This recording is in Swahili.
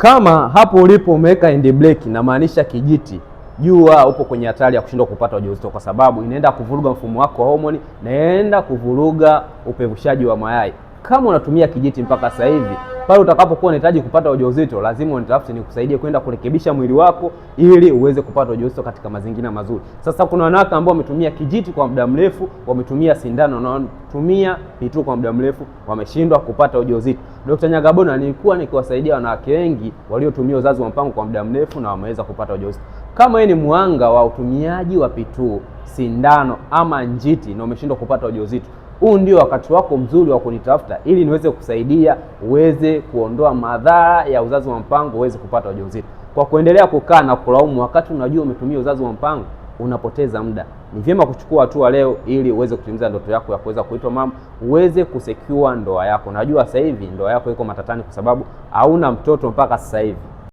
Kama hapo ulipo umeweka hand brake, inamaanisha kijiti, jua upo kwenye hatari ya kushindwa kupata ujauzito, kwa sababu inaenda kuvuruga mfumo wako wa homoni, naenda kuvuruga upevushaji wa mayai. Kama unatumia kijiti mpaka sasa hivi, pale utakapokuwa unahitaji kupata ujauzito, lazima unitafute nikusaidie kwenda kurekebisha mwili wako ili uweze kupata ujauzito katika mazingira mazuri. Sasa kuna wanawake ambao wametumia kijiti kwa muda mrefu, wametumia sindano na wametumia vitu kwa muda mrefu, wameshindwa kupata ujauzito. Dr. Nyagabona, nilikuwa nikiwasaidia wanawake wengi waliotumia uzazi wa mpango kwa muda mrefu na wameweza kupata ujauzito. Kama wewe ni mwanga wa utumiaji wa pituu, sindano ama njiti na umeshindwa kupata ujauzito, huu ndio wakati wako mzuri wa kunitafuta ili niweze kusaidia uweze kuondoa madhara ya uzazi wa mpango, uweze kupata ujauzito. Kwa kuendelea kukaa na kulaumu wakati unajua umetumia uzazi wa mpango, unapoteza muda. Ni vyema kuchukua hatua leo ili uweze kutimiza ndoto yako ya kuweza kuitwa mama, uweze kusekiwa ndoa yako. Najua sasa hivi ndoa yako iko matatani kwa sababu hauna mtoto mpaka sasa hivi.